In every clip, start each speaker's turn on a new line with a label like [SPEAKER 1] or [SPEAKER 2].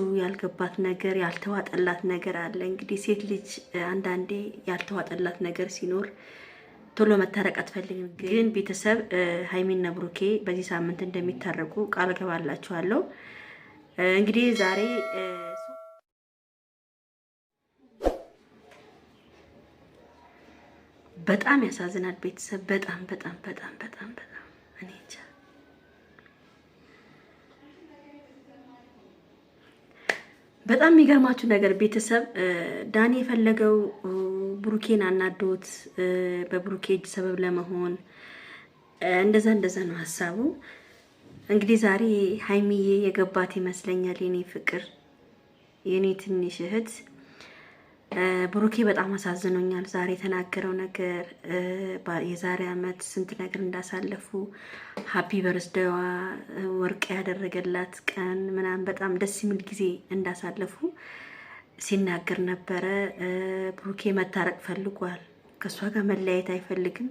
[SPEAKER 1] ያልገባችው ያልገባት ነገር ያልተዋጠላት ነገር አለ። እንግዲህ ሴት ልጅ አንዳንዴ ያልተዋጠላት ነገር ሲኖር ቶሎ መታረቅ አትፈልግም። ግን ቤተሰብ ሀይሚና ብሩኬ በዚህ ሳምንት እንደሚታረቁ ቃል ገባላችኋለሁ። እንግዲህ ዛሬ በጣም ያሳዝናል ቤተሰብ በጣም በጣም በጣም በጣም በጣም እኔ እንጃ በጣም የሚገርማችሁ ነገር ቤተሰብ ዳኒ የፈለገው ብሩኬን አናዶት በብሩኬ እጅ ሰበብ ለመሆን እንደዛ እንደዛ ነው ሀሳቡ። እንግዲህ ዛሬ ሀይሚዬ የገባት ይመስለኛል። የኔ ፍቅር የኔ ትንሽ እህት ብሩኬ በጣም አሳዝኖኛል። ዛሬ የተናገረው ነገር የዛሬ አመት ስንት ነገር እንዳሳለፉ ሀፒ በርስደዋ ወርቅ ያደረገላት ቀን ምናምን በጣም ደስ የሚል ጊዜ እንዳሳለፉ ሲናገር ነበረ። ብሩኬ መታረቅ ፈልጓል። ከእሷ ጋር መለያየት አይፈልግም።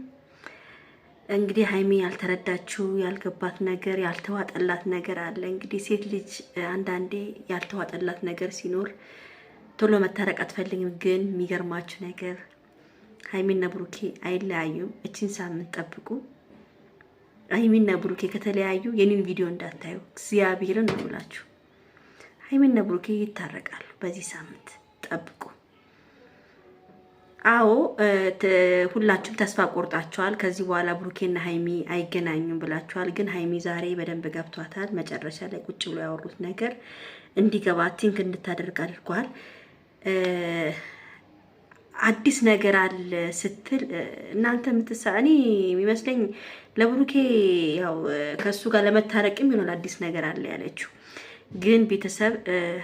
[SPEAKER 1] እንግዲህ ሀይሚ ያልተረዳችው ያልገባት ነገር ያልተዋጠላት ነገር አለ። እንግዲህ ሴት ልጅ አንዳንዴ ያልተዋጠላት ነገር ሲኖር ቶሎ መታረቅ አትፈልግም። ግን የሚገርማችሁ ነገር ሀይሚና ብሩኬ አይለያዩም። እችን ሳምንት ጠብቁ። ሀይሚና ብሩኬ ከተለያዩ የኔን ቪዲዮ እንዳታዩ እግዚአብሔርን ነው ብላችሁ። ሀይሚና ብሩኬ ይታረቃሉ በዚህ ሳምንት ጠብቁ። አዎ ሁላችሁም ተስፋ ቆርጣችኋል። ከዚህ በኋላ ብሩኬና ሀይሚ አይገናኙም ብላችኋል። ግን ሀይሚ ዛሬ በደንብ ገብቷታል። መጨረሻ ላይ ቁጭ ብሎ ያወሩት ነገር እንዲገባ ቲንክ እንድታደርግ አድርጓል። አዲስ ነገር አለ ስትል እናንተ የምትሳ እኔ የሚመስለኝ ለብሩኬ ያው ከእሱ ጋር ለመታረቅም ይሆናል አዲስ ነገር አለ ያለችው። ግን ቤተሰብ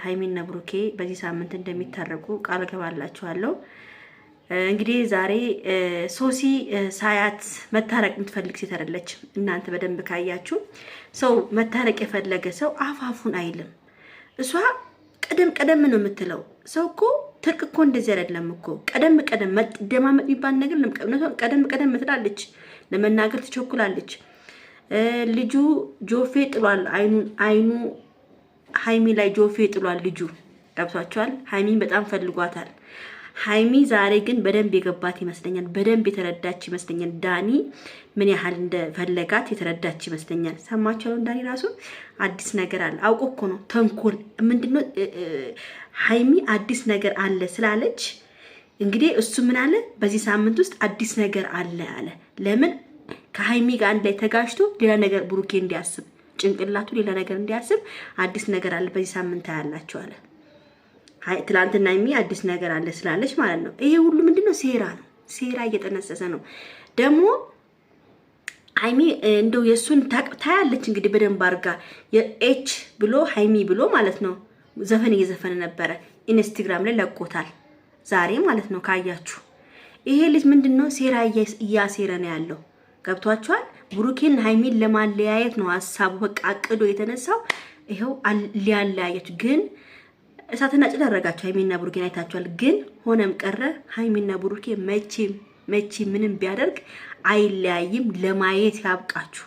[SPEAKER 1] ሀይሚና ብሩኬ በዚህ ሳምንት እንደሚታረቁ ቃል ገባላችኋለሁ። እንግዲህ ዛሬ ሶሲ ሳያት መታረቅ የምትፈልግ ሴት አይደለችም። እናንተ በደንብ ካያችሁ ሰው መታረቅ የፈለገ ሰው አፋፉን አይልም እሷ ቀደም ቀደም ነው የምትለው ሰው እኮ ትርቅ እኮ እንደዚህ አይደለም እኮ ቀደም ቀደም መደማመጥ የሚባል ነገር ቀደም ቀደም ትላለች፣ ለመናገር ትቸኩላለች። ልጁ ጆፌ ጥሏል። አይኑ ሀይሚ ላይ ጆፌ ጥሏል። ልጁ ገብቷቸዋል። ሀይሚን በጣም ፈልጓታል። ሀይሚ ዛሬ ግን በደንብ የገባት ይመስለኛል። በደንብ የተረዳች ይመስለኛል። ዳኒ ምን ያህል እንደፈለጋት የተረዳች ይመስለኛል። ሰማችሁ? ዳኒ ራሱ አዲስ ነገር አለ አውቆ እኮ ነው። ተንኮል ምንድነው? ሀይሚ አዲስ ነገር አለ ስላለች እንግዲህ እሱ ምን አለ፣ በዚህ ሳምንት ውስጥ አዲስ ነገር አለ አለ። ለምን ከሀይሚ ጋር አንድ ላይ ተጋጅቶ ሌላ ነገር ብሩኬ እንዲያስብ ጭንቅላቱ ሌላ ነገር እንዲያስብ አዲስ ነገር አለ በዚህ ሳምንት ያላቸው አለ። ትላንትና የሚ አዲስ ነገር አለ ስላለች ማለት ነው። ይሄ ሁሉ ምንድነው? ሴራ ነው። ሴራ እየጠነሰሰ ነው ደግሞ ሀይሚ እንደው የእሱን ታያለች እንግዲህ በደንብ አርጋ የኤች ብሎ ሀይሚ ብሎ ማለት ነው ዘፈን እየዘፈነ ነበረ። ኢንስታግራም ላይ ለቆታል ዛሬ ማለት ነው ካያችሁ። ይሄ ልጅ ምንድን ነው ሴራ እያሴረ ነው ያለው ገብቷችኋል። ብሩኬን ሀይሚን ለማለያየት ነው ሀሳቡ፣ በቃ አቅዶ የተነሳው ይኸው ሊያለያየች ግን እሳትና ጭድ አደረጋቸው። ሀይሚና ብሩኬን አይታቸዋል። ግን ሆነም ቀረ ሀይሚና ብሩኬ መቼም መቼ ምንም ቢያደርግ አይለያይም። ለማየት ያብቃችሁ።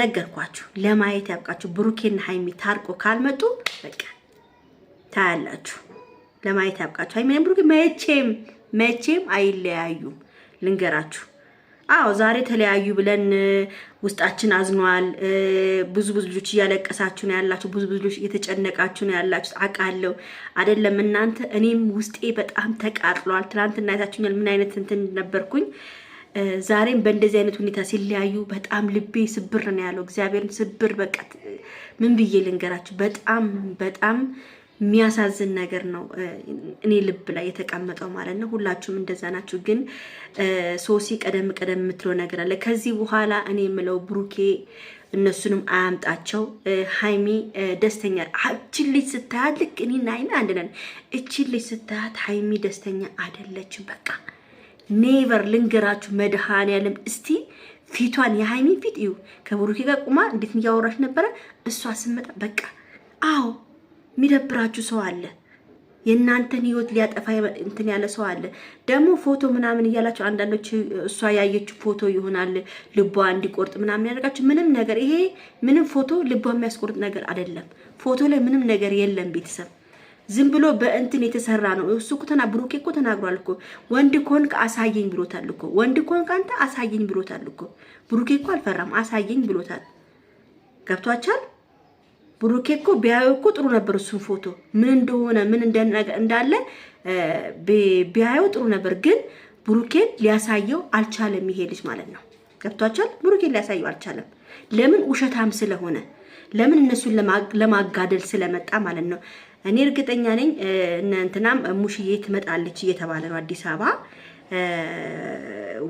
[SPEAKER 1] ነገርኳችሁ፣ ለማየት ያብቃችሁ። ብሩኬና ሀይሚ ታርቆ ካልመጡ በቃ ታያላችሁ። ለማየት ያብቃችሁ። ሀይሚና ብሩኬ መቼም መቼም አይለያዩም። ልንገራችሁ አዎ ዛሬ ተለያዩ ብለን ውስጣችን አዝኗል። ብዙ ብዙ ልጆች እያለቀሳችሁ ነው ያላችሁ፣ ብዙ ብዙ ልጆች እየተጨነቃችሁ ነው ያላችሁ። አውቃለሁ አይደለም እናንተ፣ እኔም ውስጤ በጣም ተቃጥሏል። ትናንትና አይታችሁኛል ምን አይነት እንትን ነበርኩኝ። ዛሬም በእንደዚህ አይነት ሁኔታ ሲለያዩ በጣም ልቤ ስብር ነው ያለው። እግዚአብሔርን ስብር በቃ ምን ብዬ ልንገራችሁ በጣም በጣም የሚያሳዝን ነገር ነው እኔ ልብ ላይ የተቀመጠው ማለት ነው። ሁላችሁም እንደዛ ናችሁ። ግን ሶሲ ቀደም ቀደም የምትለው ነገር አለ። ከዚህ በኋላ እኔ የምለው ብሩኬ እነሱንም አያምጣቸው። ሀይሚ ደስተኛ እችን ልጅ ስታያት ልክ እኔና ሀይሚ አንድ ነን። እችን ልጅ ስታያት ሀይሚ ደስተኛ አይደለችም። በቃ ኔቨር ልንገራችሁ፣ መድኃኔዓለም እስቲ ፊቷን የሀይሚ ፊት እዩ። ከብሩኬ ጋር ቁማ እንዴት እያወራች ነበረ እሷ ስመጣ በቃ አዎ የሚደብራችሁ ሰው አለ። የእናንተን ህይወት ሊያጠፋ እንትን ያለ ሰው አለ። ደግሞ ፎቶ ምናምን እያላችሁ አንዳንዶች እሷ ያየችው ፎቶ ይሆናል ልቧ እንዲቆርጥ ምናምን ያደርጋችሁ። ምንም ነገር ይሄ ምንም ፎቶ ልቧ የሚያስቆርጥ ነገር አይደለም። ፎቶ ላይ ምንም ነገር የለም። ቤተሰብ ዝም ብሎ በእንትን የተሰራ ነው። እሱ እኮ ተና ብሩኬ እኮ ተናግሯል እኮ ወንድ ኮንክ አሳየኝ ብሎታል እኮ ወንድ ኮንክ አንተ አሳየኝ ብሎታል እኮ ብሩኬ እኮ አልፈራም አሳየኝ ብሎታል። ገብቷቻል ብሩኬ እኮ ቢያዩ እኮ ጥሩ ነበር። እሱን ፎቶ ምን እንደሆነ ምን እንዳለ ቢያዩ ጥሩ ነበር፣ ግን ብሩኬን ሊያሳየው አልቻለም። ይሄ ልጅ ማለት ነው ገብቷቸዋል። ብሩኬን ሊያሳየው አልቻለም። ለምን? ውሸታም ስለሆነ ለምን? እነሱን ለማጋደል ስለመጣ ማለት ነው። እኔ እርግጠኛ ነኝ እነ እንትናም ሙሽዬ ትመጣለች እየተባለ ነው አዲስ አበባ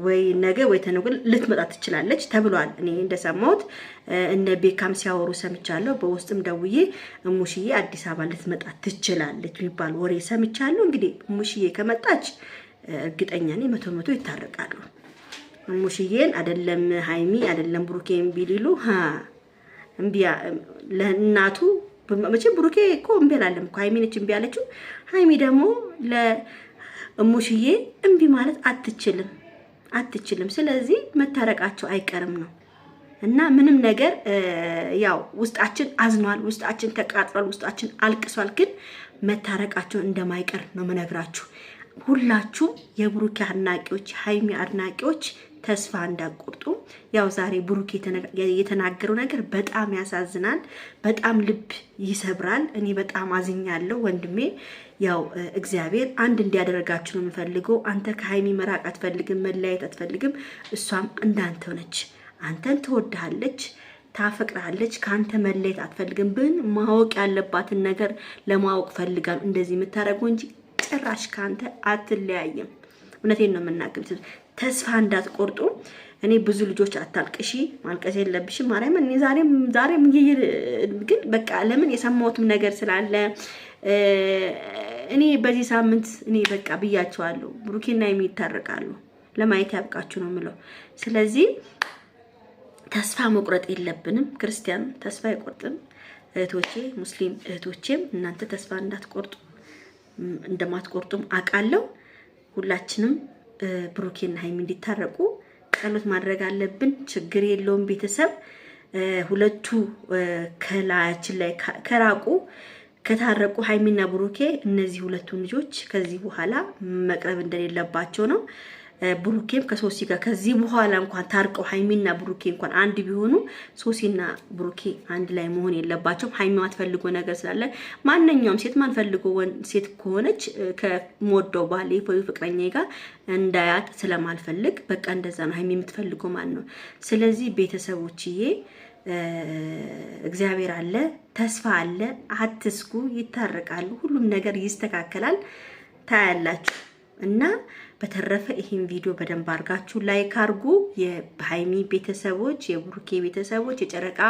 [SPEAKER 1] ወይ ነገ ወይ ተነገ ልትመጣ ትችላለች ተብሏል። እኔ እንደሰማሁት እነ ቤካም ሲያወሩ ሰምቻለሁ። በውስጥም ደውዬ እሙሽዬ አዲስ አበባ ልትመጣ ትችላለች የሚባል ወሬ ሰምቻለሁ። እንግዲህ እሙሽዬ ከመጣች እርግጠኛ ነኝ መቶ መቶ ይታረቃሉ። እሙሽዬን አይደለም ሃይሚ አይደለም ብሩኬን ቢሊሉ እምቢያ ለእናቱ መቼም ብሩኬ እኮ እምቢ አላለም። ሃይሚ ነች እምቢ አለችው። ደግሞ እሙሽዬ እምቢ ማለት አትችልም አትችልም። ስለዚህ መታረቃቸው አይቀርም ነው እና ምንም ነገር ያው ውስጣችን አዝኗል፣ ውስጣችን ተቃጥሏል፣ ውስጣችን አልቅሷል። ግን መታረቃቸው እንደማይቀር ነው የምነግራችሁ። ሁላችሁም የብሩኪ አድናቂዎች፣ የሀይሚ አድናቂዎች ተስፋ እንዳቆርጡ። ያው ዛሬ ብሩክ የተናገረው ነገር በጣም ያሳዝናል፣ በጣም ልብ ይሰብራል። እኔ በጣም አዝኛለሁ ወንድሜ። ያው እግዚአብሔር አንድ እንዲያደረጋችሁ ነው የምፈልገው። አንተ ከሀይሚ መራቅ አትፈልግም፣ መለያየት አትፈልግም። እሷም እንዳንተ ሆነች፣ አንተን ትወድሃለች ታፈቅራለች ከአንተ መለየት አትፈልግም። ብን ማወቅ ያለባትን ነገር ለማወቅ ፈልጋል እንደዚህ የምታደርገው እንጂ ጭራሽ ከአንተ አትለያየም። እውነቴን ነው የምናገር። ተስፋ እንዳትቆርጡ። እኔ ብዙ ልጆች አታልቅሺ፣ ማልቀስ የለብሽም ማርያም እኔ ዛሬም ዛሬም ግን በቃ ለምን የሰማሁትም ነገር ስላለ እኔ በዚህ ሳምንት እኔ በቃ ብያቸዋለሁ፣ ብሩኬና የሚታረቃሉ ለማየት ያብቃችሁ ነው የምለው። ስለዚህ ተስፋ መቁረጥ የለብንም። ክርስቲያን ተስፋ አይቆርጥም። እህቶቼ ሙስሊም እህቶቼም እናንተ ተስፋ እንዳትቆርጡ እንደማትቆርጡም አውቃለሁ ሁላችንም ብሩኬና ሀይሚ እንዲታረቁ ጸሎት ማድረግ አለብን። ችግር የለውም። ቤተሰብ ሁለቱ ከላያችን ላይ ከራቁ ከታረቁ ሀይሚና ብሩኬ እነዚህ ሁለቱን ልጆች ከዚህ በኋላ መቅረብ እንደሌለባቸው ነው። ብሩኬም ከሶሲ ጋር ከዚህ በኋላ እንኳን ታርቀው ሀይሚና ብሩኬ እንኳን አንድ ቢሆኑ ሶሲና ብሩኬ አንድ ላይ መሆን የለባቸውም። ሀይሚ ማትፈልጎ ነገር ስላለ ማንኛውም ሴት ማንፈልጎ ሴት ከሆነች ከሞደው ባሌ ወይ ፍቅረኛ ጋር እንዳያት ስለማልፈልግ በቃ እንደዛ ነው ሀይሚ የምትፈልገው ማን ነው። ስለዚህ ቤተሰቦችዬ እግዚአብሔር አለ፣ ተስፋ አለ፣ አትስጉ፣ ይታረቃሉ፣ ሁሉም ነገር ይስተካከላል። ታያላችሁ። እና በተረፈ ይህን ቪዲዮ በደንብ አድርጋችሁ ላይክ አድርጉ። የሀይሚ ቤተሰቦች፣ የቡርኬ ቤተሰቦች፣ የጨረቃ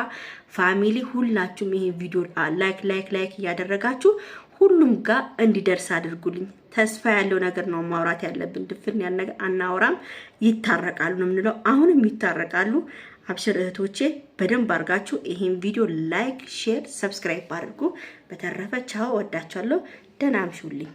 [SPEAKER 1] ፋሚሊ ሁላችሁም ይህን ቪዲዮ ላይክ ላይክ ላይክ እያደረጋችሁ ሁሉም ጋር እንዲደርስ አድርጉልኝ። ተስፋ ያለው ነገር ነው ማውራት ያለብን። ድፍን ያን ነገር አናወራም። ይታረቃሉ ነው የምንለው። አሁንም ይታረቃሉ። አብሽር እህቶቼ በደንብ አድርጋችሁ ይህን ቪዲዮ ላይክ፣ ሼር፣ ሰብስክራይብ አድርጉ። በተረፈ ቻው፣ ወዳችኋለሁ። ደህና አምሹልኝ።